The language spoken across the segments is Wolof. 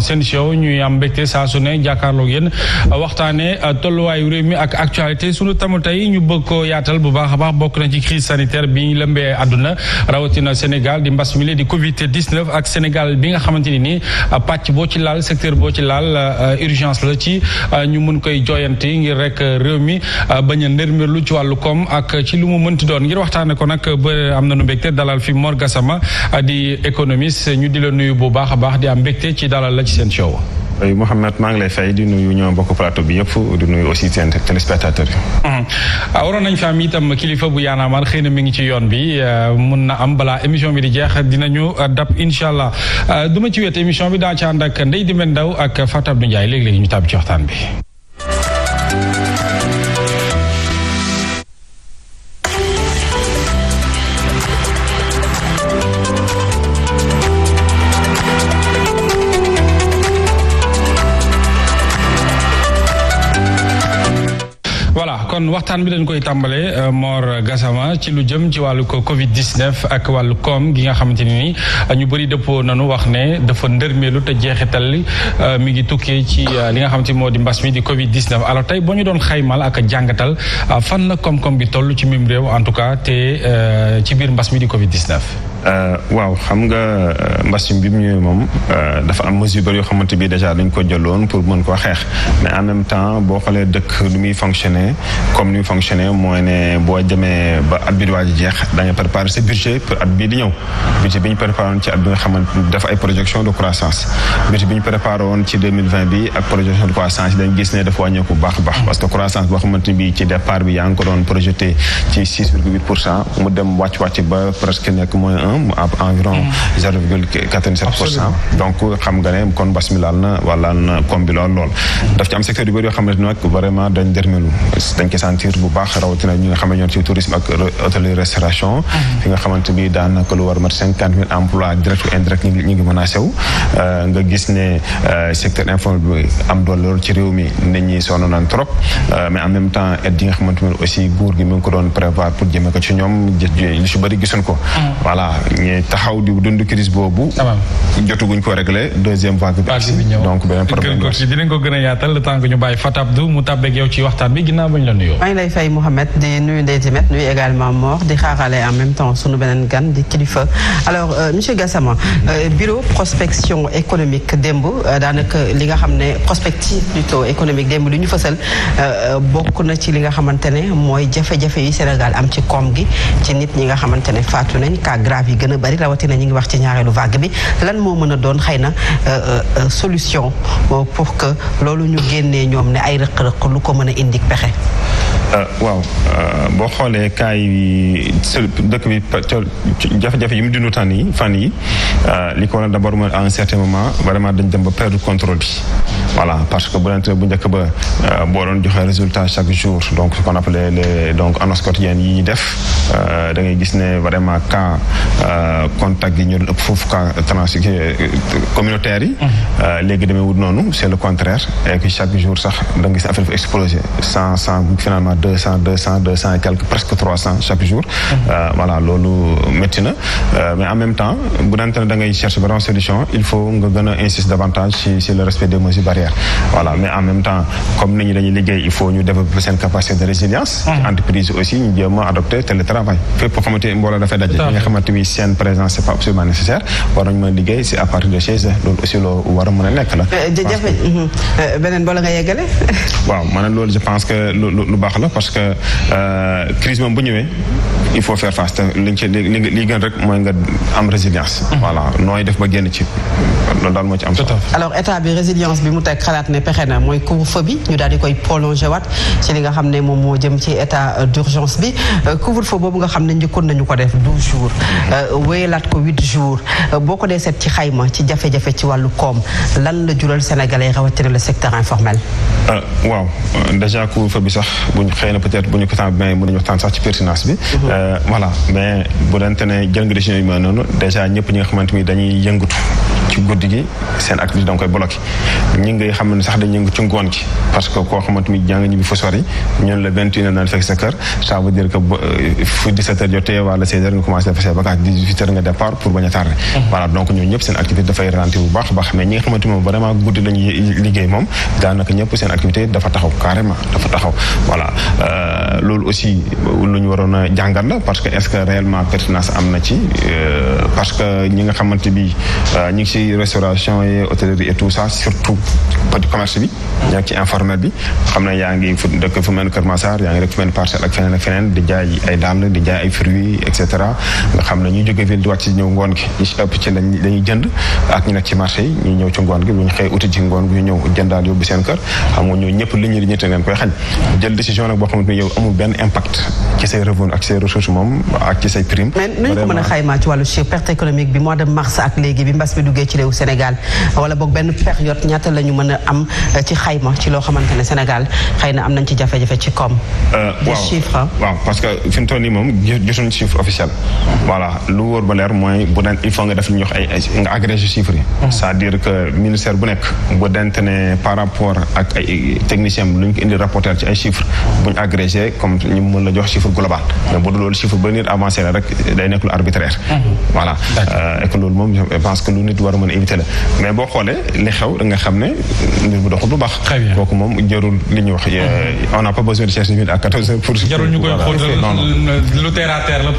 seen show ñuy am mbégte saa su ne jàkkaarloog yéen waxtaane euh, tolluwaayu réew mi ak actualité sunu tamu tey ñu bëgg ko yaatal a baax bokk na ci crise sanitaire bi lëmbee àdduna rawatina Sénégal di mbas di Covid 19 ak Sénégal bi nga xamante ni nii euh, pàcc boo ci laal secteur boo ci laal euh, urgence la ci ñu mun koy joyante ngir rek réew mi bañ a ci wàllu koom ak ci lu mu mënti doon ngir waxtaane ko nag ba am na nu mbégte dalal fi Mor Gassama di économiste ñu di la nuyu bu baax a baax di am mbégte ci dalal la ci seen show. oui Mouhamed maa ngi lay fay di nuyu ñoo bokk plateau bi yëpp di nuy aussi seen téléspectateurs yi. Mhm. ah waroon nañu fi am itam kilifa bu Y'en a xëy na mi ngi ci yoon bi euh, mun na am balaa émission bi di jeex dinañu euh, dab incha allah euh, du ma ci wet émission bi daa ci ànd ak ndey Dimbé ndaw ak Fatou Abdou Ndiaye léegi léegi ñu taab ci waxtaan bi. kon waxtaan bi dañ koy tàmbalee euh, Mor Gassama ci lu jëm ci wàllu ko Covid 19 ak wàllu koom gi nga xamante ne ni dañu euh, bëri dëppoo nañu wax ne dafa ndërmeelu te jeexital euh, mi ngi tukkee ci li nga xam ci moo di mbas mi di Covid 19 alors tey boo ñu doon xaymal ak jàngatal fan na koom-koom bi tollu ci mim réew en tout cas te ci biir mbas mi di Covid 19. Euh, waaw xam nga euh, mbas mi bi mu ñëwee moom euh, dafa am mesure yoo xamante bi déjà dañ ko jëloon pour mën koo xeex mais en même temps boo xoolee dëkk nu muy fonctionner comme ni muy fonctionner mooy ne boo demee ba at bi di waaj jeex da nga préparer sa budget pour at bii di ñëw budget bi ñu préparé woon ci at bi nga xamante def ay projection de croissance budget bi ñu préparé ci bi ak projection de croissance bu xamante bi ci départ bi yaa ngi ko doon projeté ci mu dem wàcc wàcc ba presque nekk un environ zéro virgule quatre-vingt-sept pour cent donc xam nga ne kon mbas mi laal na walaal na koom bi lool lool daf ci am secteur yu bëri yoo xam ne nag vraiment dañ dermelu dañ ak hôtellerie restauration mmh. fi emplois direct ñi ngi menacé euh, nga gis ne euh, secteur informel am doole lool ci réew mi nit ñi sonn nañ trop euh, mais en même temps aide nga xamante aussi nguur gi mu ngi ko doon prévoir pour jëmee ko ci ñoom li ci gisuñ ko mmh. voilà ñu taxaw di dund crise boobu. Ah, jotuguñ ko réglé donc beneen problème bi dinañ ko gën a yaatal le temps que ñu bàyyi Fatab du mu tàbbeeg yow ci waxtaan bi ginnaaw bañ la nuyoo. maa ngi lay fay Mouhamed di nuyu Ndeye met nuyu également euh, euh, économique démb euh, daanaka li nga xam ne prospective plutôt économique démb li ñu fësal bokk na ci li nga xamante ne mooy jafe-jafe yi Sénégal am ci koom gi ci nit ñi nga xamante faatu nañ cas grave bi gën a bari rawatina ñu ngi wax ci ñaareelu vague bi lan moo mën a doon xay na euh, euh, euh, solution pour que loolu ñu génnee ñoom ne ay rëq-rëq lu ko mën a indi pexe. waaw boo xoolee kaay yi dëkk bi jafe-jafe yi mu dundu tan yi fan yi li ko waral d'abord mooy à un certain moment vraiment dañ dem ba perdre contrôle bi. voilà parce que bu bu njëkk ba euh, boo doon joxe résultat chaque jour donc ce qu'on appelait les donc annonces yi ñuy def euh, da ngay gis ne vraiment cas euh, contact yi ñoo doon ëpp foofu cas trans communautaire yi. léegi demee wut noonu c' est le contraire et que chaque jour sax da nga gis affaire bi explosé cent cent finalement deux cent deux cent presque cent chaque jour. voilà loolu métti na mais en même temps bu daan da ngay chercher vraiment solution il faut nga gën a davantage si si respect des mesures barrières. faire voilà mais en même temps comme nit ñi dañuy liggéey il faut ñu développer seen capacité de résilience mm-hmm. entreprise aussi ñu jéem a adopter télétravail fépp xamante ni mbooloo dafay daje nga xamante ni seen présence c'est pas absolument nécessaire war nañu a liggéey si à de chez eux loolu aussi loolu war a a nekk la euh, mm-hmm. euh, beneen bala nga yeggale waaw maanaam loolu je pense que lu baax la parce que euh, crise moom bu ñëwee il faut faire face te liñ ci li gën rek mooy nga am résilience mm-hmm. voilà nooy def ba génn ci loolu daal moo ci am solo alors rek xalaat ne pexe na mooy couvre-feu bi ñu daal di koy prolongé waat ci li nga xam ne moom moo jëm ci état d'urgence bi euh, couvre-feu boobu nga xam ne njëkkoon nañu ko def douze jours euh, laat ko huit jours euh, boo ko dee seet ci xayma ci jafe-jafe ci wàllu koom lan la jural sénégalais rawatina le secteur informel. waaw déjà couvre-feu bi sax buñ xëy na peut-être buñu ko temps bi may mën nañu waxtaan sax ci pertinence bi. Mhm. voilà mais bu ne jël nga décision yu mel noonu déjà ñëpp ñi xamante ni dañuy yëngatu ci guddi gi seen activité da ngay xam ne sax dañu yëngu ci ngoon gi parce que koo xamante ni jàng ñu bi fa sori ñun la vingt une heure naan fekk sa kër ça veut dire que euh, fu 17 heures jotee wala 16 heures nga commencé def say vacances 18 heures nga départ pour bañ a tardé mhm. voilà donc ñoo ñëpp seen activité dafay ralenti bu baax baax mais ñi nga xamante moom vraiment guddi lañuy liggéey moom daanaka ñëpp seen activité dafa taxaw carrément dafa taxaw voilà euh, loolu aussi lu ñu waroon a jàngal la parce que est-ce que réellement pertinence am na ci euh, parce que ñi nga xamante bi ñi ngi ci restauration yi hôtellerie et tout ça surtout petit commerce bi. yaa ngi ci informel bi xam gi ñu si ëpp ci lañ dañuy jënd ak ñu nekk ci marché yi ñu ko mën a xaymaa ci wàllu chiffre perte économique bi mois de mars ak léegi bi mbas bi duggee ci réew Sénégal wala boog benn période ñaata lañu mën a am euh, ci xayma ci loo xamante ne Sénégal xëy na am nañ ci jafe-jafe ci koom. Euh, des chiffres waaw parce que fi mu toll nii moom jotuñu chiffre officiel. voilà lu wóor ba leer mooy bu daan il faut nga def lu ñuy yi. cest dire que ministère bu nekk bu dante par rapport ak technicien bi ko indi rapporter ci ay chiffres bu ñu comme ñu mën la jox chiffre global. mais bu dul loolu chiffre ba nit avancé la rek day nekk lu arbitraire. voilà euh, et loolu moom je que lu nit war a mën a éviter la mais boo xoolee li xew nga xam mbir bu doxul bu baax. très kooku moom jarul li ñu wax. Euh, on n'a pas besoin pour. jarul ñu koy xool euh, lu terre à terre la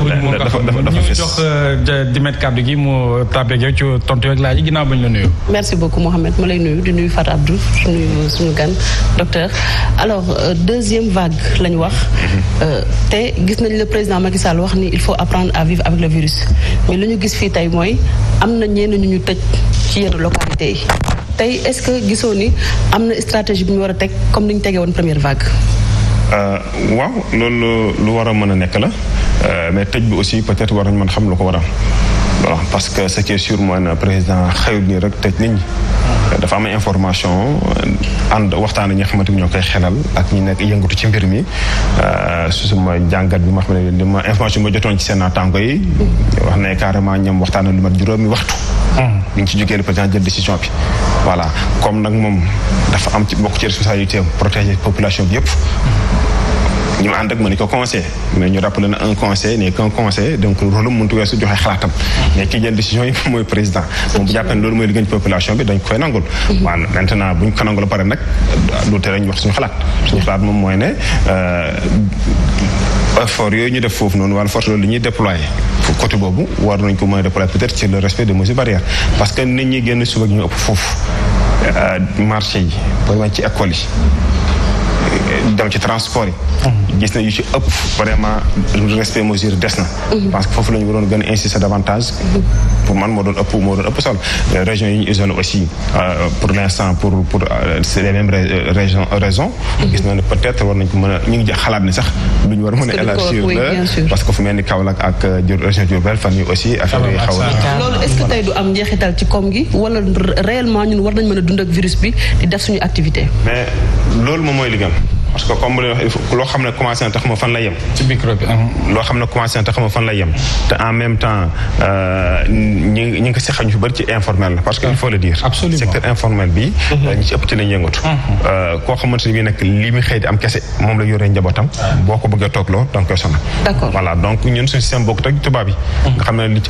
dafa dafa dafa fës ñu jox euh, Dimet kàddu gi mu tàbbeeg yow ci tontu yeeg laaj yi ginnaaw bañ la nuyu. merci beaucoup Mouhamed ma lay nuyu di nuyu Fatou Abdou di suñu gan docteur alors deuxième vague la ñu wax. Mm-hmm. te gis nañ le président Macky Sall wax ni il faut apprendre à vivre avec le virus mais lu ñu gis fii tey mooy am na ñenn ñu ñu tëj ci yenn localité yi. tey est-ce que gisoo ni am na stratégie bi ñu war a teg comme ni ñu tegee woon première vague. Euh, waaw loolu lu war a mën a nekk la euh, mais tëj bi aussi peut-être war nañ mën xam lu ko waral parce que ce qui président nii rek tëj ñi. dafa am information euh, ànd waxtaan ñi nga xamante ni ñoo koy xelal ak ñi nekk yëngatu ci mbir mi su suma jàngat bi ma xam ne ma information bi ma jotoon ci seen naataango yi. wax ne carrément ñoom waxtaan lu mat juróomi waxtu. li ñu ci jógee le président jël décision bi voilà comme nag moom dafa am ci bokk ci responsabilité protéger population bi yëpp ñi ma ànd ak ma ni ko conseil mais ñu rappelé na un conseil n'est qu'un conseil donc rôle mënut a weesu joxe xalaatam. mais ki jël décision yi mooy président. moom bu jàppee ne loolu mooy liggéeyu population bi dañ koy nangul. Mhm. waaw maintenant buñ ko nangul pare nag lu tere ñu wax suñu xalaat suñu xalaat moom mooy ne euh, effort yooyu ñu def foofu noonu wala force loolu li ñuy déployé. côté boobu war nañ ko mën a déployer peut-être ci le respect des mesures barrières parce que nit ñi génn suba ñu ëpp foofu euh, marché yi booy wàññi ci école yi. ñu dem ci transport yi gis nañu yu ci ëpp vraiment respect mesure des na mhm. parce que foofu la ñu waroon gën a insister davantage mhm. pour man moo doon ëpp moo doon ëpp sol région yi ñu isolé aussi euh, pour pour pour euh, c'est euh, mhm. gis na ne peut-être war nañ ko mën a ñu ngi xalaat ne sax lu ñu war mën a élargir la parce que fu mel ni Kaolack ak jur région Diourbel fan aussi affaire am njeexital ci koom gi wala réellement ñun war nañ mën a dund ak virus bi di def suñu activité mais loolu moom mooy li parce que comme li wax loo xam ne commencé na tax ma fan la yem. ci micro bi ah. loo xam te en même temps euh, ñi ñi si xañ fi bëri ci informel la parce que il faut le dire. secteur informel bi. Mhm. ñu ci ëpp ci lañ yëngatu. Mhm. Euh, koo xamante ne bii nag li mu xëy di am moom la yoree njabootam. boo ko bëggee toog loo danga koy sonal. d'accord voilà donc ñun suñu système bokk ak tubaab yi. Mhm. nga xam ne li ci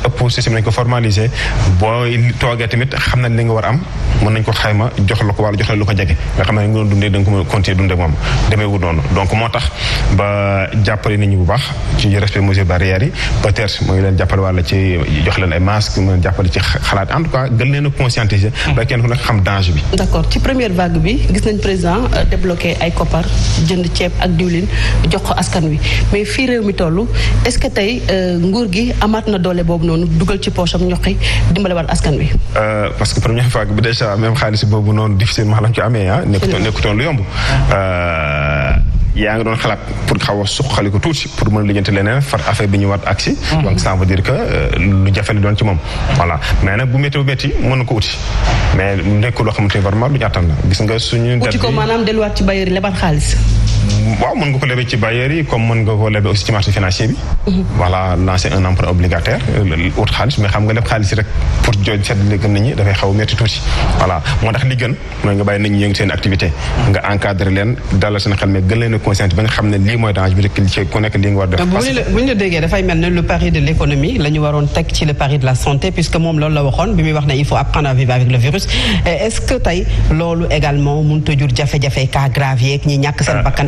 tamit xam na li war am mën ko xayma jox la ko wala la lu ko jege nga ne dundee da nga ko mën a continuer dundee moom demeewul noonu donc moo tax ba jàppale nit ñi bu baax ci respect mesures barrières yi peut-être mooy leen jàppale wàlla ci jox leen ay masques mu jàppale ci xalaat en tout cas gën leen a conscientiser ba kenn ku nekk xam danger bi d'accord ci première vague bi gis nañ président euh, débloqué ay koppar jënd ceeb ak diwlin jox ko askan wi mais fii réew mi toll est-ce que tey euh, nguur gi amaat na doole boobu noonu dugal ci poosam ñoqi dimbale waat askan wi euh, parce que première vague bi déjà même xaalis boobu noonu difficilement lañ ko amee ah nekkutoon lu yomb Euh, yaa ngi doon xalaat pour xaw a suqali ko tuuti pour mën a lijjanti leneen far affaire bi ñu war agsi mhm. donc ça veut dire que euh, lu jafe doon ci moom voilà mais nag bu métti bu mën na ko uti mais nekk loo xamante ni vraiment lu ñu attan la gis nga suñu uti ko maanaam delluwaat ci bailleur lebat xaalis waaw mën nga ko lebe ci bailleurs yi comme mën nga ko lebe aussi financier bi. Mhm. voilà lancer un emprunt obligataire euh, ut xaalis mais xam nga lépp xaalis rek pour jooju seetlu gën nañu dafay xaw a tuuti. voilà moo tax li gën mhm. leen dalal ba nga xam ne lii mooy danger bi rek ci nekk lii nga war def. parce bu ñu la déggee dafay mel ne le pari de l' économie waroon teg ci le pari de la santé puisque moom loolu la waxoon bi muy wax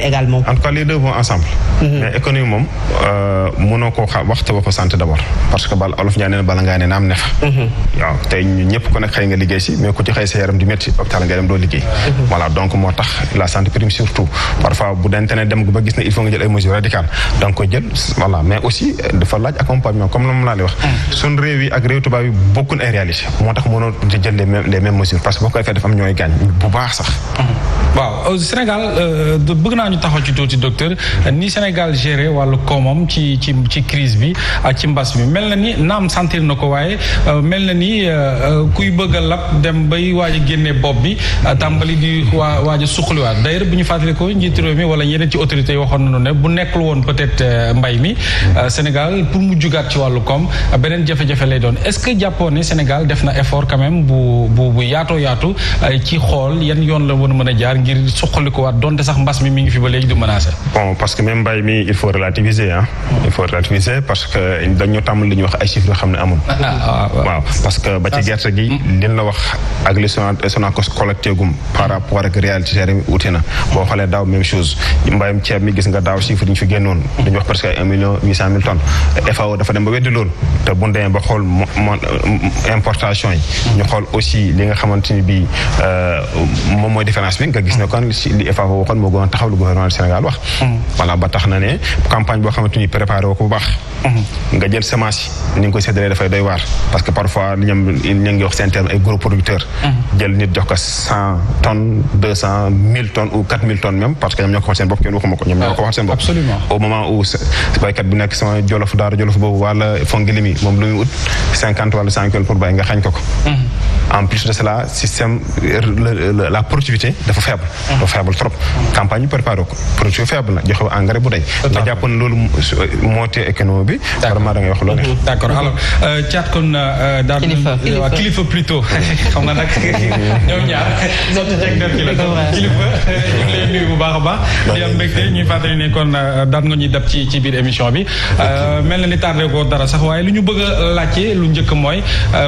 également. en tout cas les deux vont ensemble. Mhm. mais économie moom euh, mënoo koo xa waxtu ba ko santé d' abord. parce que bal olof ñaa neen bala ngaa ne naam ne fa. Mhm. waaw tey ñun ñëpp nekk xëy nga liggéey si mais ku ci sa yaram di métti hôpital nga dem doo liggéey. Mhm. voilà donc moo tax la santé prime surtout parfois bu dente ne dem ba gis ne il faut nga jël ay mesures radicales donc ko jël voilà mais aussi dafa laaj accompagnement comme moom laa wax. Ah. suñ réew ak réew bokkun ay réalité xanaa ñu taxaw ci tuuti docteur ni Sénégal géré wàllu koomam ci ci ci crise bi ak ci mbas bi mel na ni naam santir na ko waaye euh, mel na ni euh, euh, kuy bëgg a lab dem bay waaj a génne bopp bi tàmbali di waa waaj a suqaliwaat bu ñu fàttali ko njiitu réew mi wala yeneen ci autorité yi waxoon nañu ne bu nekkul woon peut-être mbay mi Sénégal pour mu jugaat ci wàllu koom beneen jafe-jafe lay doon est-ce que jàppoon ne Sénégal def na effort quand bu bu bu yaatoo yaatu ci xool yan yoon la woon mën a jaar ngir depuis ba léegi du menacé. bon parce que même mbay mi il faut relativiser ah. il faut relativiser parce que dañoo tàmbali li ñuy wax ay chiffres xam ne amul. Ah, ah, ah, waaw parce que ba ci gerte gi. Mm. liñ la wax ak li Sonacos collecté gum par rapport ak réalité terre yi wuute na boo xoolee daaw même chose mbayum ceeb mi gis nga daaw chiffre yi ñu fi génnoon. dañu wax presque ay million huit cent FAO dafa dem ba weddi loolu te bu ba xool importation yi. ñu xool aussi li nga xamante ni euh, moom mooy différence bi nga gis a taxaw lu gouvernement du Sénégal wax. Mm. voilà ba tax na ne campagne boo xamante ni préparé woo mm. nga jël semence yi ni nga koy dafay doy waar parce que parfois ñoom ñoo ngi seen terme ay gros producteurs. Mm. jël nit jox ko cent tonnes deux cent mille ou quatre mille tonnes bi nekk sama jolof daara jolof boobu wala Fonguelemi moom lu ut wala cent pour bay nga xañ ko en plus de cela système la productivité dafa faible. trop campagne préparé préparé ko production na joxe engrais bu dañ nga jàpp ne loolu moo tee économie bi vraiment da ngay wax loolu mhm. d' accord alors euh, Thiat kon euh, daal waaw euh, kilifa plutôt xam nga nag ñoom ñaar sotti jeg der ki kilifa ñu bu baax a baax di am mbégte ñuy fàttali ne kon daan nga ñuy dab ci ci biir émission bi mel na ni tardé ko dara sax waaye lu ñu bëgg a laajte lu njëkk mooy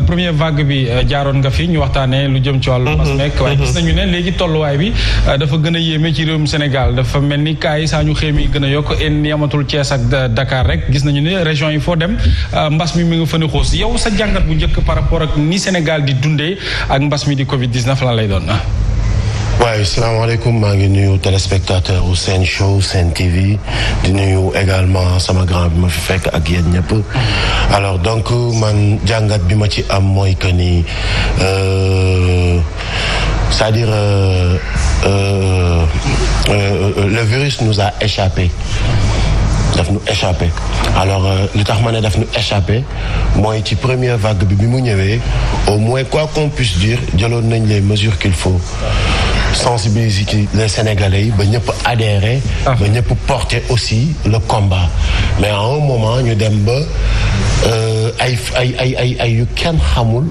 premier vague bi jaaroon nga fi ñu waxtaanee lu jëm ci wàllu mas meek mm-hmm. waaye gis mm-hmm. nañu ne léegi tolluwaay bi dafa gën a yéeme ci réewum dafa mel ni cas yi saa ñu xéem yi gën a yokk en ni amatul Thiès ak Dakar rek gis nañu ne région yi foo dem euh, mbas mi mi nga fën a xoos yow sa jàngat bu njëkk par rapport ak ni Sénégal di dundee ak mbas mi di Covid 19 lan lay doon. waaye salaamaaleykum maa ngi nuyu téléspectateur u Sen Show Sen TV di nuyu également sama grand bi ma fi fekk ak yéen ñëpp alors donc man jàngat bi ma ci am mooy que ni. Euh, c'est-à-dire euh euh, euh, euh, le virus nous a échappé daf nu échappé alors euh, li tax ma ne daf nu échappé mooy ci première vague bi bi mu ñëwee au moins quoi qu'on puisse dire jëloon nañ les mesures qu'il faut sensibiliser ci les Sénégalais yi ba ñëpp adhérer ah. ba ñëpp porter aussi le combat mais à un moment ñu dem ba ay ay ay ay ay yu kenn xamul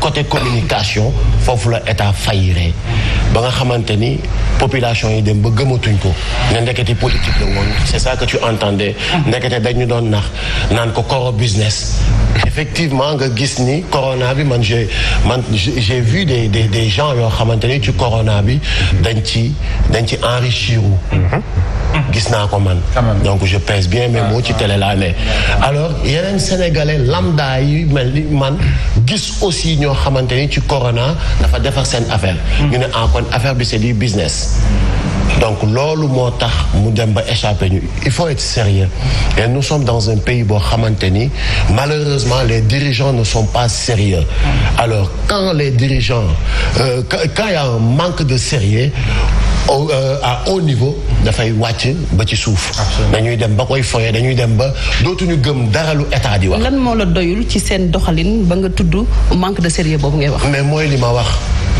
côté communication foofu la état fayiree ba nga xamante ni population yi dem ba gëmatuñ ko ne ndekete politique la woon c'est ça que tu entendais ndekete dañu doon nax naan ko coro business effectivement nga gis ni corona bi man j'ai man j'ai vu des des des gens yoo xamante ni ci corona bi dañ ci dañ ci enrichir gis naa ko man donc je pèse bien mes mots ci télé laa ne alors yeneen sénégalais lambda yi mel ni man gis aussi ñoo xamante ci corona dafa defar seen affaire. Mm. ñu ne ah kon affaire bi c'est du business. donc loolu moo tax mu dem ba échappé ñu il faut être sérieux et nous sommes dans un pays boo xamante ni malheureusement les dirigeants ne sont pas sérieux alors quand les dirigeants euh, quand il y a un manque de sérieux au euh, haut niveau dafay wàcc ba ci suuf. dañuy dem ba koy foyee dañuy dem ba dootuñu gëm dara lu état di wax. lan moo la doyul ci seen doxalin ba nga tudd manque de sérieux boobu ngay wax. mais mooy li ma wax.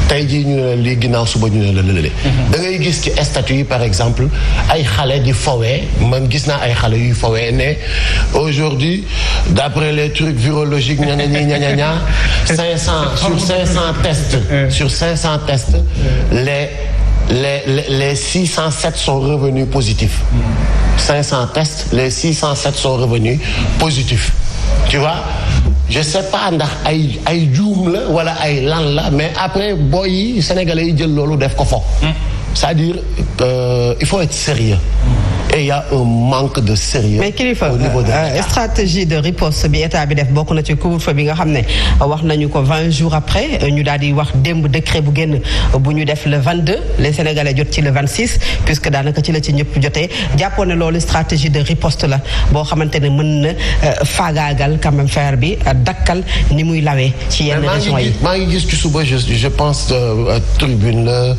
tey jii ñu ne la lii ginnaaw suba ñu ne la lële. Mhm. da ngay gis ci statut yi par exemple ay xale di fowee man gis naa ay xale yuy fowee ne aujourd'hui d'après les trucs virologiques ña ne ñi ña ña 500 sur 500 tests. sur 500 tests les les les 607 sont revenus positifs. 500 tests les 607 sont revenus positifs tu vois. je sais pas ndax ay juum la wala ay lan la mais après booy yi sénégalais yi jël loolu def ko fo hmm. cest dire euh, il faut être sérieux et il y a un manque de sérieux mais kilifa euh, stratégie de riposte bi état bi def bokk na ci couvre-feu bi nga xam ne wax nañu ko vingt jours après euh, ñu daal di wax démb décret bu génn bu ñu def le vingt deux les sénégalais jot ci le vingt six puisque daanaka ci la ci ñëpp jotee jàppoon ne loolu stratégie de riposte la boo xamante ne mën na euh, faagaagal quand même faire bi dakkal ni muy lawee ci yenn régions yi maa ngi gis ci suba je je tribune la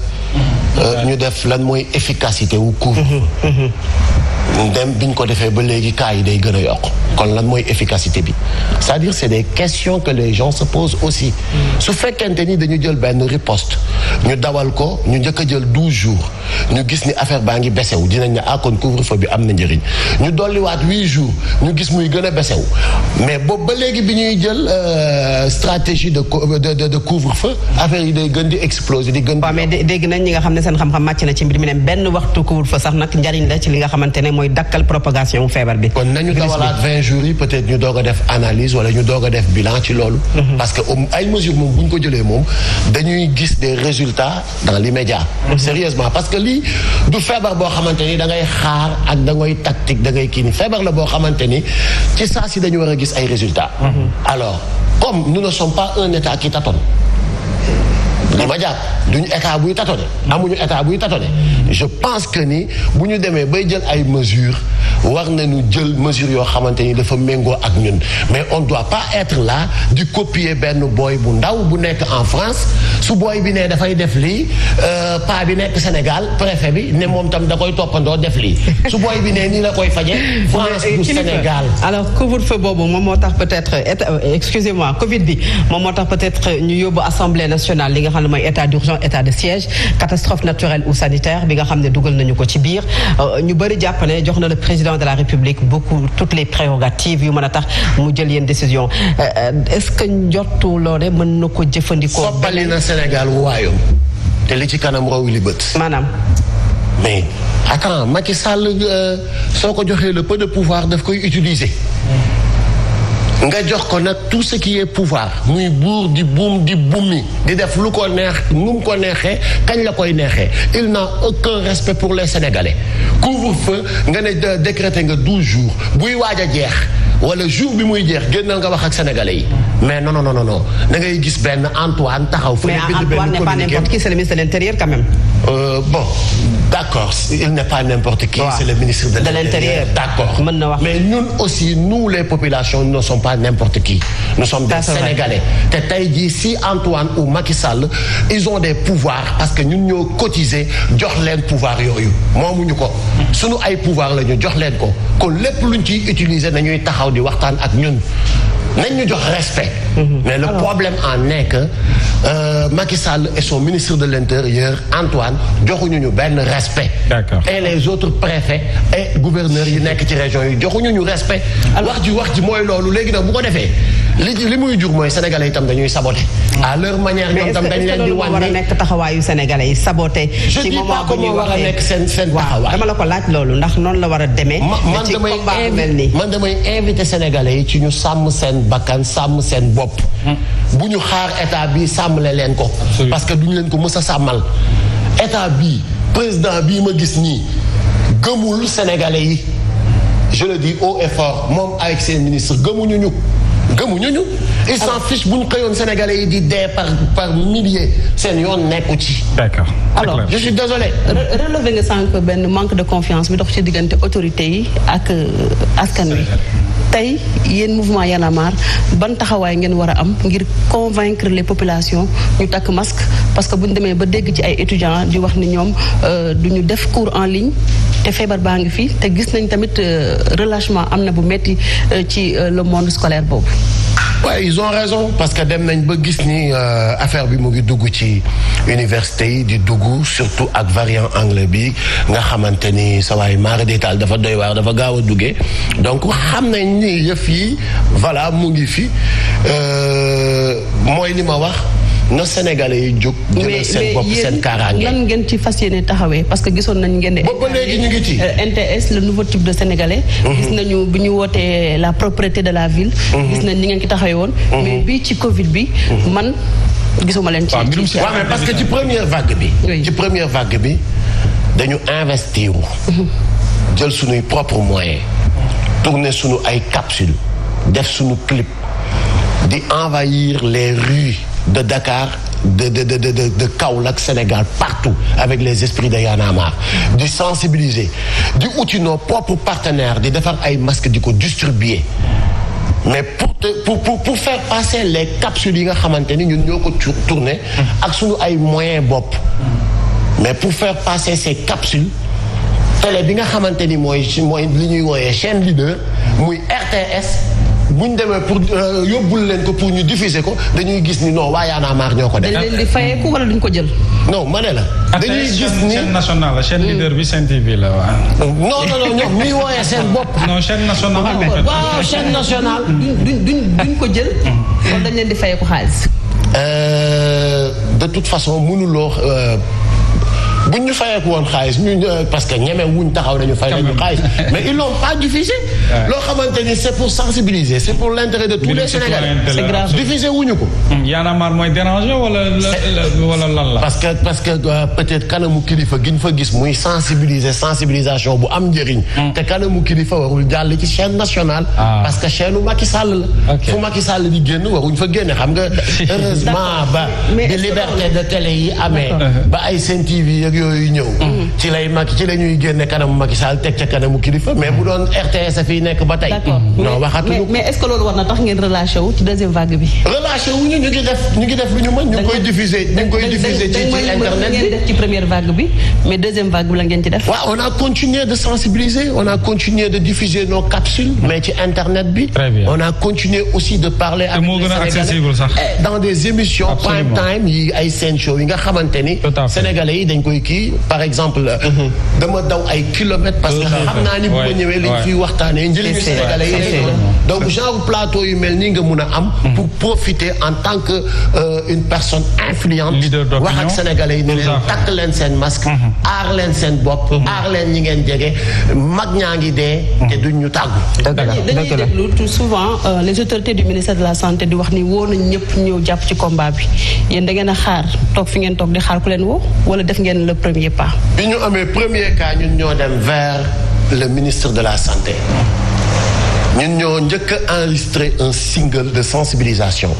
Euh, ñu def lan mooy efficacité wu couvre mhm, mhm. dem bi ñu ko defee ba léegi cas yi day gën a yokk kon lan mooy efficacité bi c'est-à-dire c'est des questions que les gens se posent aussi mhm. su fekkente ni dañu jël benn riposte ñu dawal ko ñu njëkk a jël douze jours ñu gis ni affaire baa ngi besewu dinañ ne akoon ah, couvre-feu bi am na njëriñ ñu dolliwaat huit jours ñu gis muy gën a besewu mais boobu ba léegi bi ñuy jël euh, stratégie de couvre-feu affaire yi day gën di exploser di ne seen xam-xam màcc na ci mbir mi ne benn waxtu couvre-feu sax nag njariñ la ci li nga xamante ne mooy dakkal propagation feebar bi. kon nañu dawalaat vingt jours yi peut ñu doog a def analyse wala ñu doog a def bilan ci loolu. Mhm. parce que ay mesures moom bu ñu ko jëlee moom dañuy gis des résultats dans l'immédiat. Mhm. sérieusement parce que lii du feebar boo xamante ni da xaar ak da ngay tactique kii feebar la boo xamante ni ci saa si dañu war a gis ay résultats. Mhm. li ma jàpp duñu état buy tâtonner amuñu état buy tâtonner je pense que ni bu ñu demee bay jël ay mesures war nañu jël mesures yoo xamante ni dafa méngoo ak ñun mais on doit pas être là di copier benn booy bu ndaw bu nekk en France su booy bi ne dafay def lii euh, pa bi nekk Sénégal préfet bi ne moom tam da koy toppandoo def lii su booy bi ne nii la koy faje France bu Sénégal alors couvre-feu boobu moom moo tax peut-être euh, excusez-moi Covid bi moom moo tax peut-être ñu yóbbu mooy état d'urgence état de siège catastrophe naturelle ou sanitaire bi nga xam ne dugal nañu ko ci biir euh, ñu bëri jàpp jox na le président de la république beaucoup toutes les prérogatives yu mën a tax mu jël yenn décision euh, euh, est-ce que njortu loole mën na ko jëfandikoo. soppali na Sénégal waayo te li ci kanam raw li bët. maanaam. mais attends Macky Sall soo ko joxee le peu de pouvoir daf koy utiliser. nga jox ko nag tout ce qui est pouvoir muy buur di buum di bumi di def lu ko neex nu ko neexee kañ la koy neexee il n'a aucun respect pour les sénégalais couvre-feu nga ne décrété nga douze jours buy waaj a jeex wala jour bi muy jeex génnal nga wax ak sénégalais yi mais non no non non da ngay gis benn Antoine taxaw. fële bind benn communiqué mais Antoine n'est pas n'importe qui, c'est le l'Intérieur quand Euh, bon d'accord il n'est pas n'importe qui. c'est le ministre de l'intérieur d'accord mën na wax mais ñun aussi nous les populations ne sommes pas n'importe qui. nous sommes des Sénégalais te tey jii si Antoine ou Macky Sall ils ont des pouvoirs parce que ñun ñoo cotiser jox leen pouvoir yooyu moomuñu ko. sunu ay pouvoir la ñu jox leen ko kon lépp luñ ciy utiliser nañuy taxaw di waxtaan ak ñun. nañ ñu jox respect. Mhm. mais le problème en nekk que euh, Macky Sall et son ministre de l'intérieur Antoine joxuñu ñu benn respect. d'accord et les autres préfets et gouverneurs yi nekk ci région yi joxuñu ñu respect. wax ji wax ji mooy loolu léegi nag bu ko defee. li li muy jur mooy sénégalais itam dañuy saboté. à leur manière ñoom tam dañ leen di war a nekk taxawaayu sénégalais yi saboté. ci moment bu ñuy war a nekk seen seen taxawaay dama la ko laaj loolu ndax noonu la war a demee. man damay man damay invité sénégalais yi ci ñu sàmm seen bakkan sàmm seen bopp. Hmm. bu ñu xaar état bi sàmmale leen ko. parce que duñ leen ko mës a sàmmal. état bi président bi ma gis nii gëmul sénégalais yi je le dis moom ak seen ministre gëmuñu ñu. gëmuñu ñu. ils s'en fichent bu ñu xëyoon sénégalais yi di dee par par milliers seen yoon nekku ci. alors je suis désolé. relevé nga sànq benn manque de confiance mi dox ci diggante autorité yi ak euh, askan wi. tey yéen mouvement Y en taxawaay ngeen war a am ngir convaincre les populations ñu takk masque parce que bu ñu demee ba dégg ci ay étudiants di wax ni ñoom euh, du ñu def cours en ligne te feebar baa ngi fi te gis nañ tamit euh, relâchement am na bu metti euh, ci le monde scolaire boobu. waaye ils ont raison parce que dem nañ ba gis ni euh, affaire bi mu ngi dugg ci université yi di dugg surtout ak variant anglais bi nga xamante ni sa waay mara détail dafa doy waar dafa gaaw a duggee donc xam nañ ni yëf yi voilà mu ngi fi euh, mooy li ma wax na Sénégalais yi jóg. jëlal seen bopp seen kaaraange ngeen ci fas yéene taxawee parce que gisoon nañ ngeen di. ba léegi ñu ngi ci euh, NTS le nouveau type de sénégalais. Mhm. gis nañu bu ñu wootee la propreté de la ville. Mhm. gis nañ ni ngeen ci taxawee woon. Mhm. mais bii ci Covid bi man. gisuma leen ci parce que ci première vague bi. ci première bi dañu investir jël suñuy propre moyen tourner suñu ay capsule def suñu clip di envahir les rues. de Dakar de de de de de Kaolack Sénégal partout avec les esprits de Y'en a di sensibiliser di uti nos propres partenaires di defar ay masques di ko distribuer mais pour pour pour pour faire passer les capsules yi nga xamante ni ñun ñoo ko tourner ak suñu ay moyen bopp. mais pour faire passer ces capsules. télé bi nga xamante ni mooy mooy li ñuy wooyee chaine leader muy RTS. bu ñu demee pour euh, yóbbul leen ko pour ñu diffuser ko dañuy gis ni non waa Y'en a marre ñoo ko def. dañ leen di fayeeku wala duñ ko jël. non ma la. dañuy gis ni chaîne la chaîne hmm. leader bi Sen TV la waaw. non non non hmm. ko jël. Hmm. leen di fayeeku xaalis. Euh, de tout façon mënuloo. Euh, buñ ñu fayeeku woon xaalis ñu euh, parce que ñeme wuñ taxaw dañu fay nañu xaalis mais ils n'ont pas diffusé loo xamante ni c'est pour sensibiliser c'est pour l'intérêt de tous les Sénégalais c'est grave diffusé wuñu ko Y'en a marre mooy déranger wala wala lan la parce que parce que euh, peut-être kanamu kilifa giñ fa gis muy sensibiliser sensibilisation bu am njëriñ te kanamu kilifa warul jàll ci chaîne nationale ah. parce que chaîne u Macky Sall la fu Macky Sall di génn waruñ fa génne xam nga heureusement ba di liberté de télé yi amee ba ay Sen TV ak yooyu ñëw. Mhm. ci lay Macky ci la ñuy génne kanamu Macky Sall teg ca kanamu kilifa mais bu doon RTS fi nekk ba tey. d'accord mhm. non waxatuñu mais est-ce que loolu war na tax ngeen relâché wu ci deuxième vague bi. relâché wu ñu ñu ngi def ñu ngi def lu ñu mën ñu ngi koy diffuser ñu ngi koy diffuser ci internet bi def ci première vague bi mais deuxième vague bi la ngeen ci def. waaw on a continué de sensibiliser on a continué de diffuser nos capsules mais ci internet bi. très bien on a continué aussi de parler. avec les Sénégalais eh, dans des émissions prime time yi ay seen show yi nga xamante ni. sénégalais yi dañ koy kii par exemple. dama daw ay kilomètres. parce que euh, xam naa ni bu ma ñëwee lañ fiy waxtaanee. njëriñu Sénégalais yi donc genre yu mel nii nga mun a am. Hmm. pour profiter en tant que euh, une personne influente. wax ak Sénégalais yi ne leen leen seen masque. Hmm. aar leen seen bopp. Hmm. aar leen ñi ngeen jege mag ñaa ngi dee. te ñu tàggu. dëgg la dañuy déglu tout souvent euh, les la santé di wax ni woo nañ ñëpp ñëw jàpp ci combat bi yéen da a xaar toog fi ngeen toog di xaar ku leen woo wala def ngeen le premier pas. bi amee premier cas ñun ñoo dem vers le ministre de la santé ñun ñoo njëkk a enregistré un single de sensibilisation.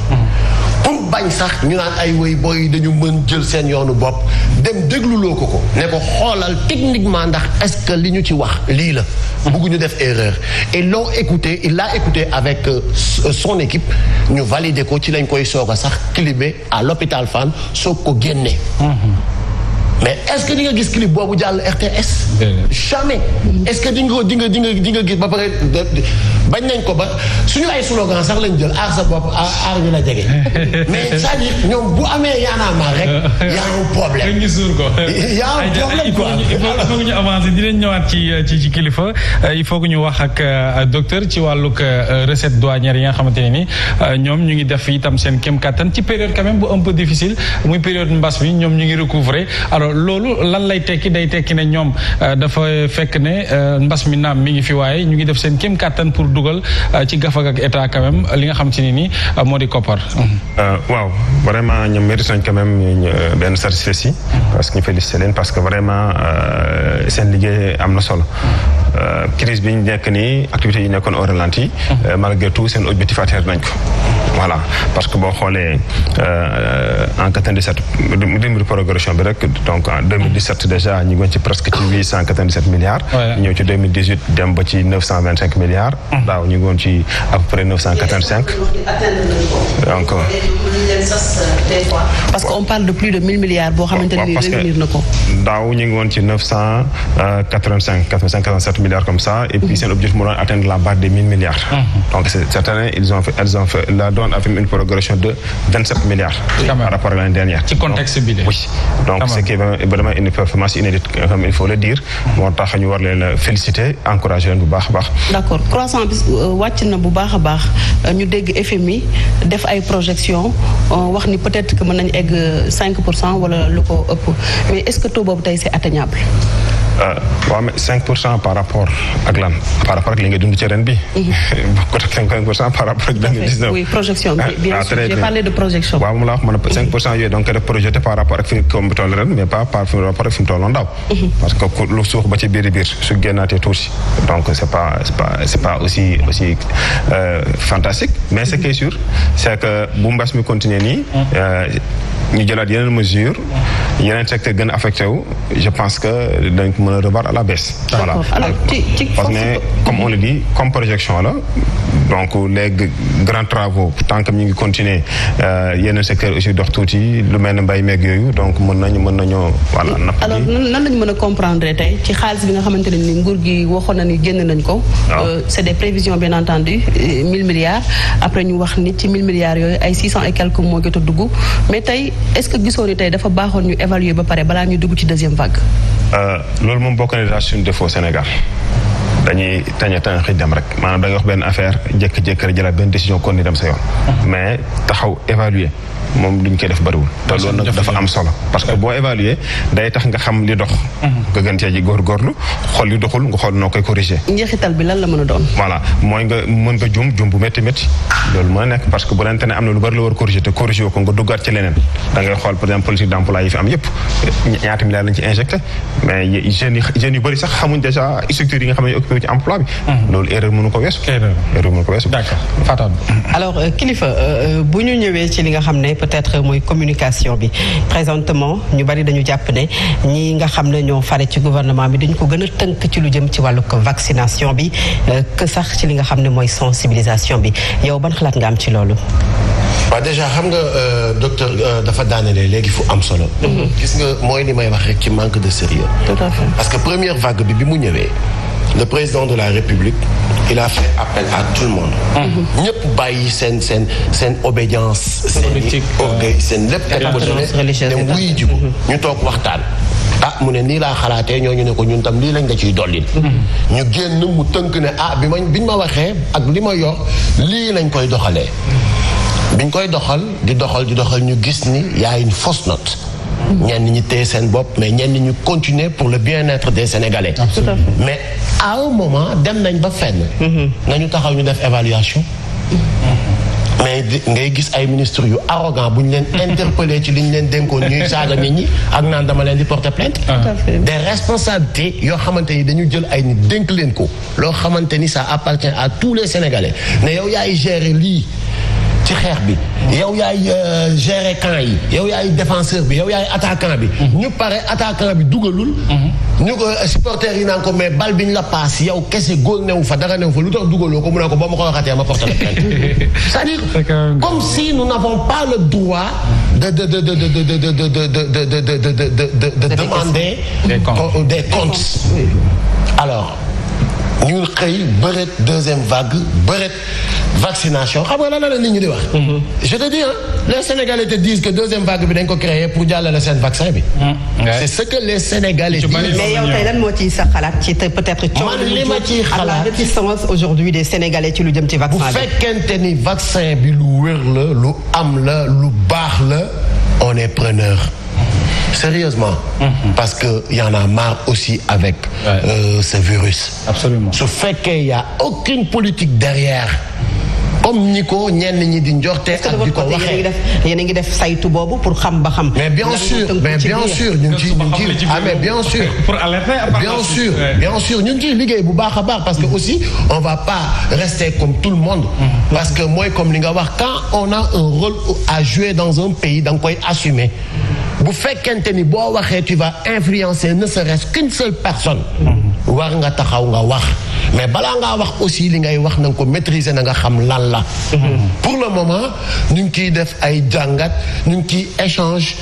pour bañ sax ñu naan ay woy booy dañu mën jël seen yoonu bopp dem dégluloo ko ko ne ko xoolal techniquement ndax est-ce que li ñu ci wax lii la bëgguñu def erreur et l'ont écouté il l'a écouté avec euh, son équipe ñu valider ko ci lañ koy soog a sax clibé à l'hôpital Fann soog ko génnee mais est-ce que di gis clip boobu jàll RTS. jamais est-ce que di nga ko di nga di nga di nga gis ba pare bañ nañ ko ba suñu ay slogan sax lañ jël aar sa bopp aar ñu la jege mais c'est-à-dire ñoom bu amee yaanaamaar rek. yaa ngi problème ñu suur ko. yaa ngi problème il faut que ñu avancer dinañ ñëwaat ci ci ci kilifa euh, il faut que ñu wax ak euh, docteur ci wàllug euh, recette douanière yi nga xamante ne ni ñoom ñu ngi def itam seen kéem kattan ci période quand même bu un peu difficile muy période mbas bi ñoom ñu ngi recouvrer Euh, loolu lan lay tekki day tekki ne ñoom euh, dafa fekk ne euh, mbas mi naam mi ngi fi waaye ñu ngi def seen kéem kàttan pour dugal ci gafag ak état li nga xam ci ni nii moo di koppar. waaw vraiment ñoom mérite nañ quand benn satisfait si mm. parce que leen parce que vraiment seen liggéey am na solo. Euh, crise bi ñu nekk nii activités yi nekkoon au ralenti. Euh, malgré tout seen objectif atteindre nañ ko. voilà parce que boo xoolee euh, en 97 dimbali progression bi rek donc en 2017 déjà ñu ngi woon ci presque ci 897 milliards. ñu ñëw ci 2018 dem ba ci 925 milliards. daaw ñu ngi ci à peu près 985. parce que on parle de plus de milliards boo xamante ne nii na ko. daaw ñu ngi ci milliards comme ça et puis seen objectif moo doon atteindre la barre des milliards mm-hmm. donc cette année fait la donne a fait une progression de vingt sept milliards par ci contexte bi de moo tax ñu war leen féliciter encourager leen bu baax a baax d'accord croissance bi euh, wàcc na bu baax a baax euh, ñu dégg FMI def ay projection euh, wax ni peut-être que nañu egg wala lu ko ëpp mais est-ce que taux boobu tey c'est Euh, waaw mais 5 pour cent par rapport ak lan par rapport ak li nga dund ci ren bi. Mhm. bokkut ak 5 ah, ah, waaw moom la wax man 5 mhm. pour cent yooyu donc def projeté par rapport ak fi toll ren mais pas par rapport ak fi mhm. parce que lu suux ba ci biir biir su génnaatee tuuti donc c' pas c' pas aussi aussi euh, fantastique mais ce qui est sûr que bu mbas mi continuer nii. Euh, ñu jëlaat yeneen mesure yeneen secteur gën a wu je pense que dañ ko mën a revoir à la baisse. voilà parce que comme on le dit comme projection la donc les grands travaux tant que ñu ngi continuer euh, yeneen secteur aussi dox tuuti lu mel ne mbay meeg yooyu donc mën nañu mën nañoo. voilà napp alors nan lañu mën a comprendre tey ci xaalis bi nga xamante ne ni nguur gi waxoon na ni génn nañ ko. Ah. Euh, c'est des prévisions bien entendu 1000 euh, milliards après ñu wax ni ci 1000 milliards yooyu ay 600 et quelques moo jot a dugg est-ce que gisoo ni tey dafa baaxoon ñu évaluer ba pare balaa ñu dugg ci deuxième vague. Euh, loolu moom bokk na daa suñu Sénégal. dañuy tañ a tañ xëj rek maanaam da ngay wax benn affaire jékki-jékki rek benn décision kon ni sa yoon. mais taxaw évaluer moom duñ koy def bëriwul. te loolu dafa am solo. parce que boo évaluer day tax nga xam li dox. Mhm. nga gën cee xool a parce que bu leen te ne am na lu bari war a corriger te corriger ko nga duggaat ci leneen da xool par exemple politique d'emploi fi am yëpp ñaata milliards lañ ci injecté mais jeunes yu bëri sax xamuñ ko ci emploi bi. Mhm. loolu erreur mënu ko weesu. erreur ko weesu. d'accord Fatou mhm. alors euh, kilifa euh, euh, bu ñu ñëwee ci li nga xam ne peut-être mooy communication bi présentement ñu bari dañu jàpp ne ñi nga xam ne ñoo fare ci gouvernement bi dañu ko gën a tënk ci lu jëm ci wàllu vaccination bi que sax ci li nga xam ne mooy sensibilisation bi yow ban xalaat nga am ci loolu. waaw déjà xam nga docteur dafa daanelee léegi fu am solo. Mhm. gis nga mooy li may wax rek ci manque de sérieux. tout parce que première vague bi bi mu ñëwee. le président de la République il a fait appel à tout le monde. ñëpp bàyyi seen seen seen obédience. politique euh, seen lépp teg ko dem wuy ji ko ñu toog waxtaan. ah mu ne nii laa xalaatee ñoo ñu ne ko ñun tam lii lañ la ciy dollil ñu génn mu tënk ne ah bi ma biñ ma waxee ak li ma yor lii lañ koy doxalee. biñ koy doxal di doxal di doxal ñu gis ni y a une fausse ñenn ñi téye seen bopp mais ñenn ñu continuer pour le bien-être des Sénégalais. Absolument. mais à un moment dem nañ ba fenn. Mhm. nañu taxaw ñu def évaluation. mais ngay gis ay ministres yu arrogant bu ñu leen interpellé ci li ñu leen dénkoon ñuy saaga nit ñi ak naan dama leen di porter plainte ah. des responsabilités yoo xamante ni dañu jël ay nit dénk leen ko loo xamante ni sa appartient à tous les Sénégalais ne yow yaay gérer lii ci xeex bi yow yaay gérer camp yi yow yaay défenseur bi yow yaay attaquant bi ñu pare attaquant bi dugalul ñu ko supporters yi naan ko mais bal bi ñu la paas yow kese góor newu fa dara newu fa lu tax dugaloo ko mu ne ko boo ma ko waxatee ma porte la plainte c'est-à-dire comme si nous n'avons pas le droit de de de de de de de de de de de de de demander des comptes alors ñu xëy bëreet deuxième vague bëreet vaccination xam nga lan la nit ñi di wax. Mm-hmm. je te dis ah les sénégalais te disent que deuxième vague bi dañ ko créer pour jàllale seen vaccin bi. Mm-hmm. c'est ce que les sénégalais disent. mais yow tey lan moo ciy sa xalaat ci peut-être. man li ma ciy xalaat la réticence aujourd'hui des sénégalais ci lu jëm ci vaccin bi. bu fekkente ni vaccin bi lu wér la lu am la lu baax la on est preneur. sérieusement mm-hmm. parce que y en a marre aussi avec ouais. euh, ce virus absolument su fekkee y a aucune politique derrière comme ni ko ñenn ñi di njorte ak di ko waxee yéen a ngi def saytu boobu pour xam ba xam. mais bien sûr mais bien sûr ñu ngi ciy ñu ngi ciy ah mais bien sûr. pour alerter bien sûr bien sûr ñu ngi ciy liggéey bu baax a baax parce que mhm. aussi on va pas rester comme tout le monde. Mhm. parce que mooy comme li nga wax quand on a un rôle à jouer dans un pays da nga koy assumer. bu fekkente ni boo waxee tu vas influencer ne serait-ce qu'une mm-hmm. war nga taxaw nga wax mais balaa ngaa wax aussi li ngay wax na ko maîtriser na nga xam lan la. pour le moment ñu ngi ciy def ay jàngat ñu ngi ciy échange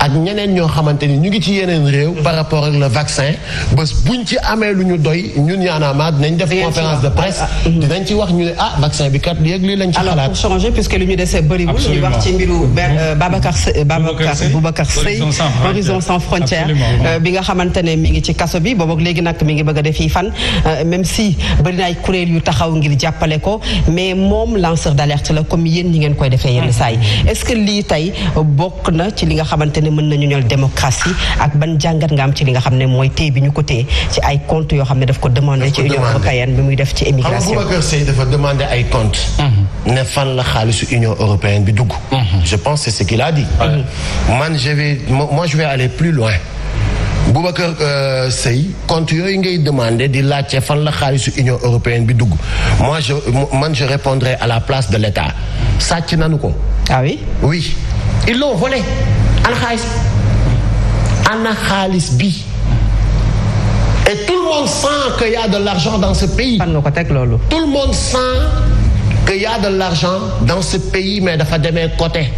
ak ñeneen ñoo xamante ni ñu ngi ci yeneen réew. par rapport ak le vaccin bés buñ ci amee lu ñu doy ñun yaanaama dinañ def conférence de presse. Ah, ah, ah. dañ ci wax ñu ne ah vaccin bi kat léegi lii lañ ci xalaat. alors pour changer puisque li ñu dese bëriwul. ñu wax ci mbiru euh, euh, Babacar Babacar Boubacar Seye. Horizon sans frontières euh, bi nga xamante ne mi ngi ci kaso bi boobu léegi nag mi ngi bëgg def fii fan aussi bëri na ay kuréel yu taxaw ngir jàppale ko mais moom lanceur d'alerte la comme yéen ñi ngeen koy defee yenn saa yi est-ce que lii tey bokk na ci li nga xamante ne mën nañu ñol démocratie ak ban jàngat nga am ci li nga xam ne mooy téye bi ñu ko téye ci ay compte yoo xam ne daf ko demandé ci union européenne bi muy def ci émigration Boubacar Seye dafa demandé ay compte mhm. ne fan la xaalisu union européenne bi dugg mhm. je pense c'est ce qu'il a dit man je vais moi plus Boubacar euh, Seye compte yooyu ngay demandé di laajte fan la xaalisu Union européenne bi dugg moi je man je répondrai à la place de l'État sàcc nanu ko. ah oui oui. ils l'ont ana xaalis ana xaalis bi et tout le monde sent qu'il y a de l'argent dans ce pays. fan nga ko teg loolu. tout le monde sent qu'il y de l'argent dans ce pays mais dafa deme côté.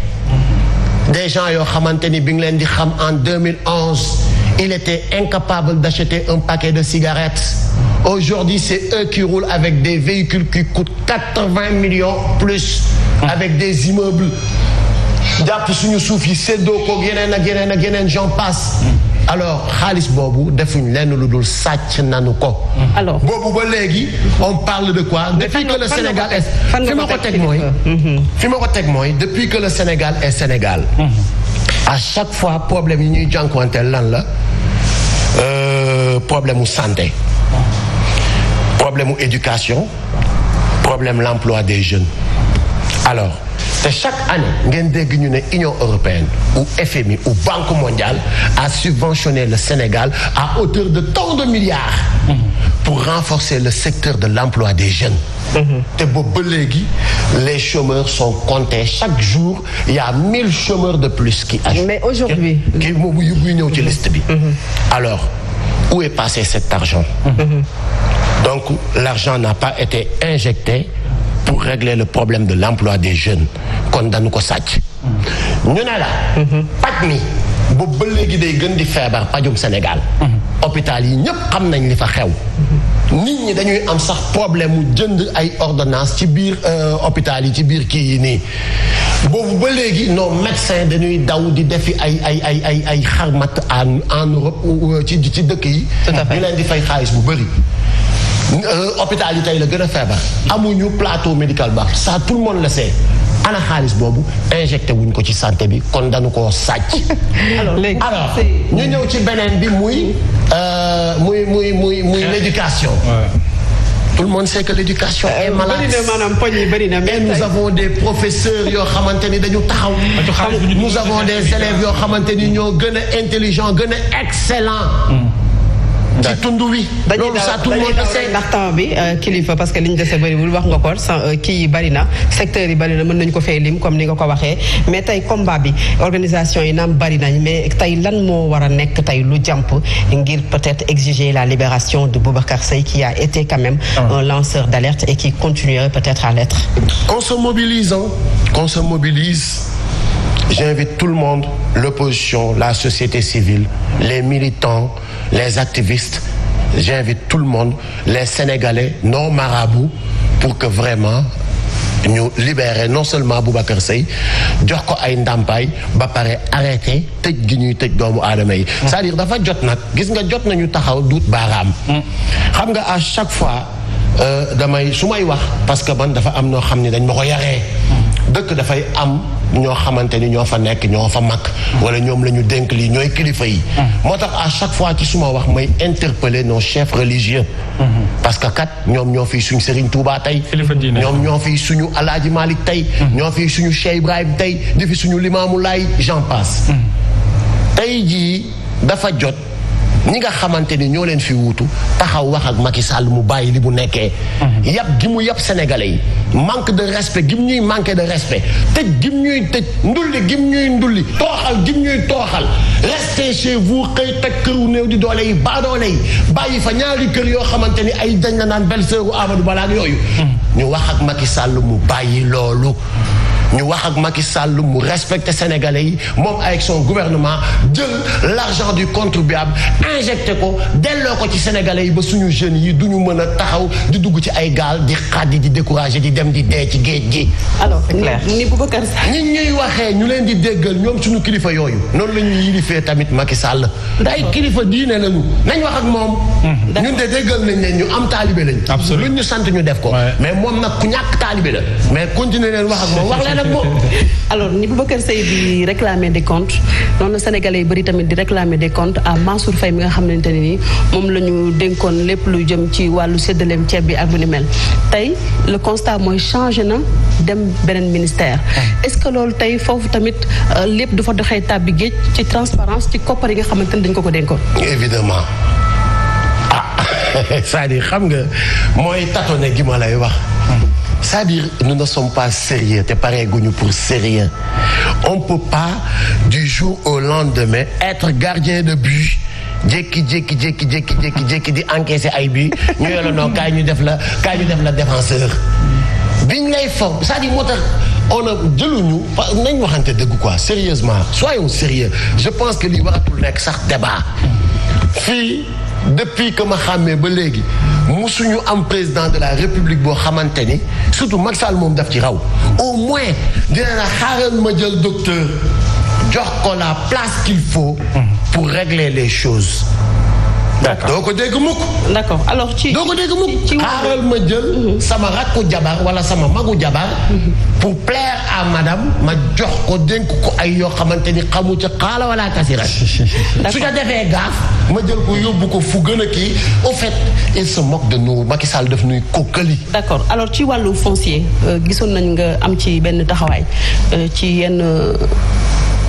des yoo xamante ni bi ngi leen di xam en il était incapable d'acheter un paquet de cigarettes. Aujourd'hui, c'est eux qui roulent avec des véhicules qui coûtent 80 millions plus, avec des immeubles. jàpp suñu suuf yi séddoo ko yeneen ak yeneen ak yeneen j'en passe. alors xaalis boobu defuñ lenn lu dul sàcc nanu ko. alors boobu ba léegi on parle de quoi. teg mooy. Mhm. fi ma ko teg mooy depuis que le Sénégal est Sénégal. Mhm. à chaque fois problème yi ñuy jànkuwanteel lan la euh, problème mu santé problème mu éducation problème l'emploi des jeunes alors te chaque année ngeen dégg ñu ne Union européenne ou FMI ou Banque mondiale a subventionné le Sénégal à hauteur de tant de milliards. pour renforcer le secteur de l'emploi des jeunes. Mhm. te boobu ba les chômeurs sont comptés chaque jour il y a mille chômeurs de plus qui arrivent. mais aujourd'hui qui moom yu muy ñëw ci mhm. mhm. problème de l'emploi des jeunes kon dañu ko sàcc. ñu ne la. mi. boobu ba léegi day gën di feebar pajum Sénégal mm-hmm. hôpital yi ñépp xam nañ li fa xew mm-hmm. nit ñi dañuy am sax problème mu jënd ay ordonnance ci biir euh, hôpital yi ci biir kii yi nii boobu ba léegi nos médecins dañuy daw di defi ay ay ay ay ay xarmat en en Europe ci dëkk yi ñu leen di fay xaalis bu bëri euh, hôpital yi tey la gën a feebar mm-hmm. amuñu plateau médical baax saa tout le monde le ana xaalis boobu injecté wuñ ko ci sante bi kon dañu koo sàcc. alors ñu ñëw ci beneen bi muy euh, muy muy muy muy l'éducation. tout le monde sait que l'éducation est euh, malade et nous avons des professeurs yoo xamante ni dañu taxaw. Ah, nous avons des élèves yoo xamante ni ñoo gën a intelligent gën a excellent. Mm. ci tund wi. loolu saa tund woon ndax temps bi euh, kilifa parce que liñ dese bëriwul wax nga ko euh, kii yi bëri na secteur yi bëri na mën nañu ko fay lim comme ni nga ko waxee mais tey combat bi organisation yi naam bëri nañ mais tey lan moo war a nekk tey lu jàmp ngir peut-être exiger la libération de Boubacar Seye qui a été quand même ah. un lanceur d'alerte et qui continuerait peut-être à l'être. qu'on se mobilise, qu'on se mobilise. J'invite tout le monde, l'opposition, la société civile, les militants, les activistes, j'invite tout le monde, les Sénégalais, non marabouts, pour que vraiment ñu libéré non seulement Boubacar Seye jox ko ay ndàmpaay ba pare arrêté tëj gi ñuy tëj doomu aadama yi. cest dire dafa jot nag gis nga jot nañu taxaw duut baaraam. xam nga à chaque fois euh, damay su may wax parce que man dafa am noo xam ne dañ ma ko yaree. dëkk dafay am. ñoo xamante ni ñoo fa nekk ñoo fa mag. wala ñoom la ñu dénk lii ñooy kilifa yi. moo tax à chaque fois ci suma wax may interpeller nos chefs religieux. parce que kat ñoom ñoo fi suñu Serigne Touba tey. ñoom ñoo fi suñu El Hadj Malick tey. ñoo fi suñu Cheikh Ibrahim tey di fi suñu Limamou Laye j'en passe. tey jii dafa jot. ñi nga xamante ni ñoo leen fi wutu taxaw wax ak Macky Sall mu bàyyi li bu nekkee. Mhm. yàpp gi mu yàpp sénégalais yi manque de respect gim ñuy manqué de respect tëj gim ñuy tëj ndulli gim ñuy ndulli tooxal gim ñuy tooxal restez chez vous xëy teg këru néew di doole yi baadoole yi bàyyi fa ñaari kër yoo xamante ni ay dañ la naan belle-sœur u Amadou Ba yooyu. Mhm. ñu wax ak Macky Sall mu bàyyi loolu. ñu wax ak Macky Sall mu respecter Sénégalais yi moom avec son gouvernement jël l'argent du contribuable injecté ko delloo ko ci Sénégalais yi ba suñu jeunes yi du ñu mën a taxaw di dugg ci ay gaal di xaddi di découragé di dem di dee ci géej gi. alors c'est clair ni Boubacar Sall ñi ñuy waxee ñu leen di déggal ñoom suñu kilifa yooyu noonu la ñuy yilifee tamit Macky Sall. ay kilifa diine lañu nañ wax ak moom. ñun de déggal nañ leen ñu am taalibe lañ. absolu luñ ñu sant ñu def ko. mais moom na ku ñàkk taalibe la. mais continuer leen wax nag moom alors ni Boubacar Seye di réclamer des comptes noonu la sénégalais yi bëri tamit di réclamer de comptes à Mansour Faye mi nga xamante ne nii moom la ñu dénkoon lépp lu jëm ci wàllu séddaleem ceeb bi ak lu ni mel tey le constat mooy changé na dem beneen ministère ah. est-ce que loolu tey foofu tamit euh, lépp dafa doxee tàbbi géej ci transparence ci koppar yi nga xamante ne dañ ko ko dénkoon évidemment ah cest à xam nga mooy tâtonner gi ma lay wax c'est-à-dire nous ne sommes pas sérieux te pareeguñu pour sérieux on peut pas du jour au lendemain être gardien de but jékki jékki jékki jékki jékki jékki di encaisser ay but ñu la non kaay ñu def la kaay ñu def la défenseur biñ lay form c'est-à-dire moo tax on a jëluñu nañ waxante dëgg quoi sérieusement soyons sérieux je pense que lii waratul nekk sax débat fii depuis que ma xàmmee ba léegi musuñu am président de la république boo xamante ni surtout Macky Sall moom ci raw au moins de na xaaral ma jël docteur jox ko la place qu'il faut pour régler les choses d'accord doo ko dégg mukk. d'accord alors ci doo ko ma jël. sama rakku jabar wala sama magu jabar. pour plaire à jox ko dénk ko ay yoo xamante ni xamu ca xaala wala kasira. su ca defee gaaf ma jël ko yóbbu ko fu gën a kii au fait il se moque de nous Macky Sall daf nuy kokkali. d'accord alors ci wàllu foncier euh, gisoon nañ nga am ci benn taxawaay euh, ci yenn.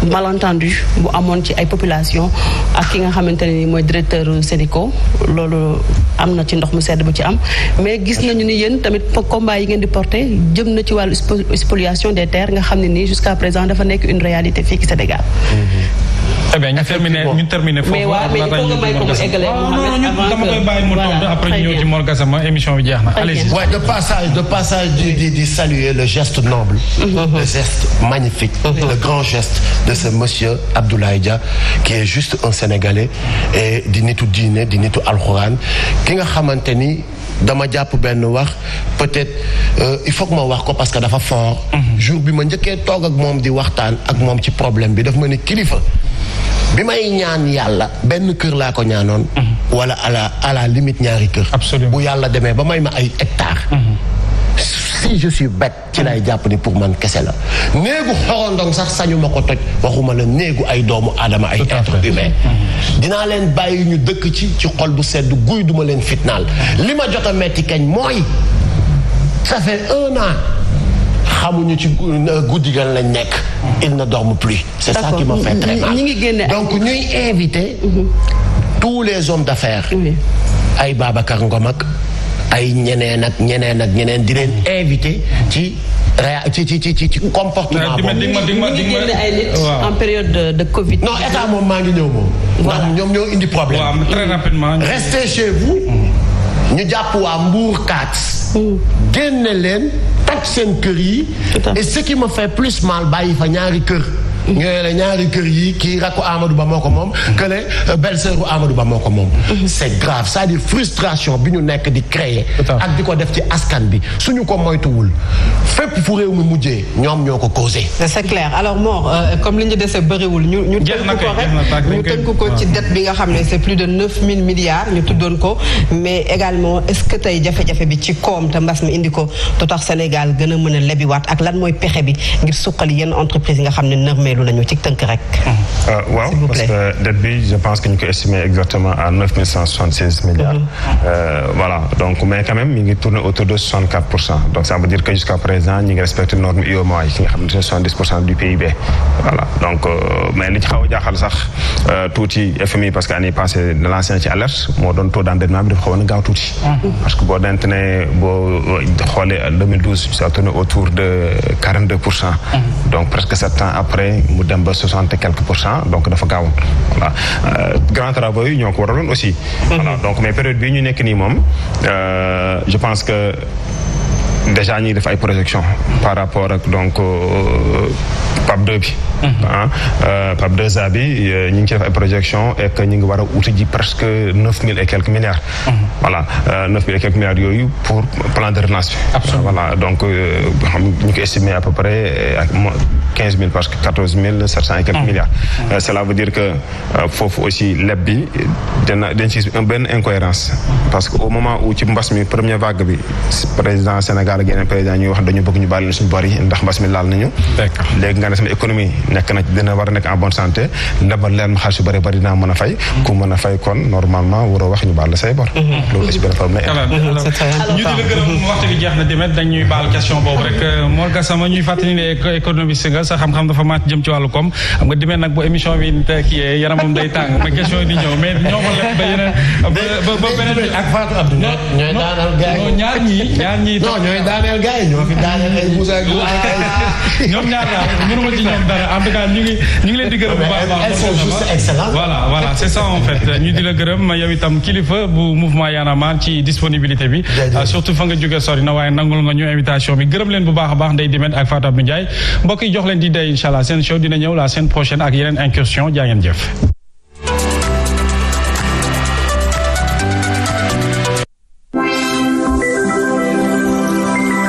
malentendu bu amoon ci ay population ak ki nga xamante ne ni mooy directeur Sénico loolu am na ci ndox mu sedd bu ci am mais gis nañu ni yéen tamit combat yi ngeen di porté jëm na ci wàll wàllu spoliation des terres nga xam ne nii jusqu'à présent dafa nekk une réalité fii ci Sénégal mm-hmm. eh bien ñu terminé ñu terminé émission bi jeex na. allez-y waaye de passage di di saluer le geste noble. Mm-hmm. le geste magnifique. Mm-hmm. le grand geste de ce monsieur Abdoulaye Dia qui est juste un Sénégalais et di nitu diine di nitu alxuraan ki nga xamante ni. dama jàpp benn wax peut-être euh, il faut que ma wax ko parce que dafa fort. Mm-hmm. jour bi ma njëkkee toog ak moom di waxtaan ak moom ci problème bi dafa ma ne kilifa. bi may ñaan yàlla benn kër laa ko ñaanoon. Mhm. wala à la à limite ñaari kër. absolument bu yàlla demee ba may ma ay hectares. Mhm. si je suis bête ci lay jàpp ni pour man kese la néegu xorondong sax sañu ma ko toj waxuma la néegu ay doomu aadama ay être humain mhm. dinaa leen bàyyi ñu dëkk ci ci xol bu sedd guy duma leen fitnaal li ma jot a metti kañ mooy ça un an xamuñu ci guddi gan lañ nekk. il ne dorme plus. c'est ça qui m'a fait très mal donc ñuy invité. Mhm. tous les hommes d'affaires. ay Babacar Ngom ak ay ñeneen ak ñeneen ak ñeneen di leen invité ci. ci ci ci ci comportement boobu. di ma di ma di ma ay nit en période de de Covid. non état moom maa ngi ñëw moom. voilà ndax ñoom mhm. ñu jàpp waa Mbour 4. Mhm. génne leen. taj seen kër yi et ce qui me fait bàyyi fa ñaari kër ñooy ñaari kër yi kii rakku Amadou Ba moo ko moom. kële euh, belle-sœur Ba moo ko moom. Mhm. c'est grave sa à dire frustration bi ñu nekk di créer. ak di ko def ci askan bi suñu ko moytuwul fépp fu réew mi mujjee ñoom ñoo ko causé. c'est clair alors Mor euh, comme li ñu dese bëriwul ñu ñu tënk ko rek ñu tënk ko ci dette bi nga xam ne c'est plus de neuf mille milliards ñu tuddoon ko mais également est-ce que tey jafe-jafe bi ci koom te mbas mi indi ko tax Sénégal gën a mën a lebiwaat ak lan mooy pexe bi ngir suqali yenn entreprise yi nga xam ne nërmeelu dellu lañu ci tënk rek. Euh, waaw parce que dette bi je pense que ñu ko estimé exactement à milliards. Mhm. Euh, donc mais quand même mi ngi tourné autour de pour cent donc euh, mais li xaw a jaaxal sax tuuti FMI parce que année passée lancé ci alerte moo doon taux d'endettement bi dafa xawoon a gaaw tuuti. Mhm. parce que boo dente boo xoolee 2012 ça autour de pour cent. Mhm. donc presque sept après. mu dem ba soixante et quelques pour cent donc dafa gaawoon voilà euh, grand travaux yi ñoo ko waraloon aussi. Mhm. voilà donc mais période bii ñu nekk nii moom euh, je pense que. déjà ñuy def ay projection par rapport ak donc euh, PAP 2 bi mhm. ah euh, PAP 2A bi euh, ñu ngi ci def ay projection et ñu ngi war a uti ji presque neuf mille et quelques milliards mhm. voilà neuf mille et quelques milliards yooyu pour plan de relance bi voilà donc ñu ko estimé à peu près mille parce que quatorze mille sept cent et quelques mhm. milliards cela veut dire que foofu aussi leb bi dana dañ un benn incohérence parce que au moment où ci mbas mi premier vague bi président Sénégal Sénégal ak yeneen président ñuy wax dañu bëgg ñu bàyyi leen suñu bor yi ndax mbas mi laal nañu léegi nga ne sama économie nekk na dina war a nekk en bonne santé lebal leen ma xaalis yu bëri bëri dinaa mën a fay ku mën a fay kon normalement waroo wax ñu baal mhm. mhm. jeex na demet dañuy baal question boobu rek euh, Mor Gassama ñuy fàttali ne économiste nga sa xam-xam dafa màcc jëm ci wàllu koom ba yeneen ba ak Fatou Abdou ñooy daanal gars fi daaneel gars yi ñoo ñoom ñaar daal mënuma ñoom dara en tout cas ñu ngi ñu ngi leen di gërëm bu baax a baax. elles sont juste excellentes. voilà voilà c' est yow itam kilifa bu mouvement a marre ci disponibilité bi. Ah, surtout fa nga jógee sori na waaye nangul nga ñu invitation bi gërëm leen bu baax a baax Ndeye Dimet ak Fatou Abdou Ndiaye mbokk yi jox leen di day incha seen show dina ñëw la semaine prochaine ak yeneen incursion jaa ngeen jëf.